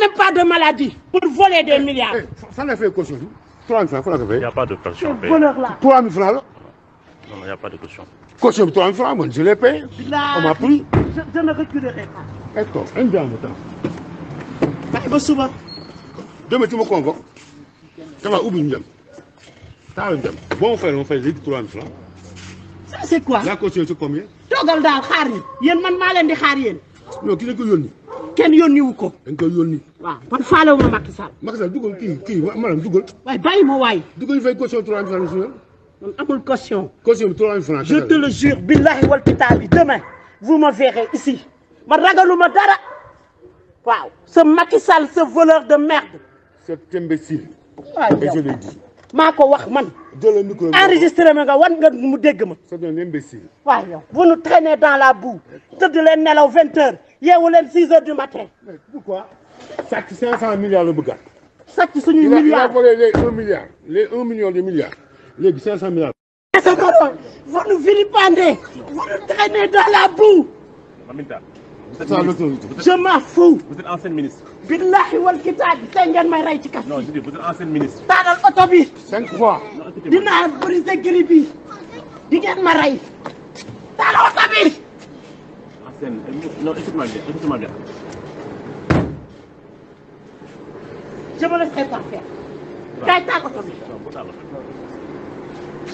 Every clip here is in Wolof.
même pas de maladie pour voler des milliards. Eh, fan la fay caution bi 3000 francs fan la ko fay. y' a pas de caution payée bonheur là 3000 francs la. non y' a pas de caution. caution bi 3000 francs man je l'ai payé. on m'a pris. je je ne reculerai pas. d'accord un jàmm temps. bàyyi ba suba. demain tu me convoques. damaa ubbi ñu dem. taal ñu dem bon on fait on fait léegi 3000 francs. ça c'est quoi. la caution c'est combien. toogal daal xaar ñu. yéen man maa leen di xaar yéen. non ki la ko yónni. kenn yónniwu ko. dañ koy yónni. waaw man faale wu ma Macky Sall. Macky Sall dugal kii kii maanaam dugal. waaye bàyyi ma waay. dugal fay caution 3000 francs man amul caution. je te le jure billahi wal kitaabi demain vous me verrez ici man ragaluma dara waaw ce Macky Sall voleur de merde. cet imbécile. waaw yow je le dis. maa ko wax man. jëlal micro enregistré wan nga mu dégg ma. c'est un imbécile. waaw yow nu traîner dans la boue tëdd leen nelaw 20 yeewu leen 6 heures du matin. mais pourquoi. sàcc 500 milliards la bëggaat. sàcc suñuy milliards il a il a volé milliard les 1 million de milliards léegi 500 milliards. mais ce qu'on vous nous vilipendez vous nous traînez dans la boue. je m'en fous. vous êtes ancien ministre. billahi wal kitaab tey ngeen bi. cinq fois. dinaa briser grille bi di ma rey. seen non écoutement bien écoutement bien.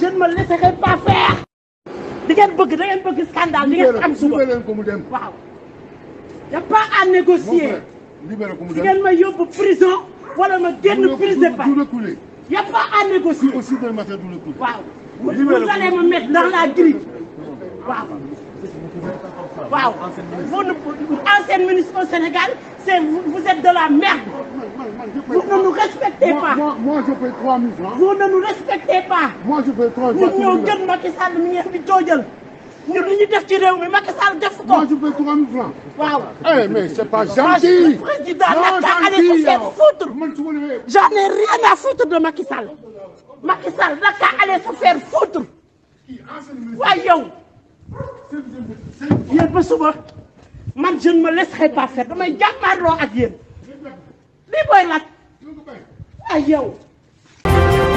je me laisserai pas faire. waaw kaay taal oto di ngeen bëgg da ngeen bëgg scandale di ngeen am suba libéré ko mu dem. waaw y' a pas à négocier. libéré ko mu dem di ma yóbbu wala ma génn prise de part y' a pas à négocier. aussi waaw. libéré ko mu dem vous allez me mettre waaw vous ancienne ministre au Sénégal c'est vous, vous êtes de la merde vous ne nous respectez pas vous ne nous respectez pas moi je paye 3000 francs ñun ñoo gën Macky Sall mi ngeen di joojal ñun li ñu def ci réew mi Macky Sall def ko moi je paye se faire foutre rien à foutre de Macky Sall Macky Sall allez se faire foutre waaye yow yéen ba suba man je ne me laisserai pas faire damay jàmmaarloo ak yéen lii booy laaj yow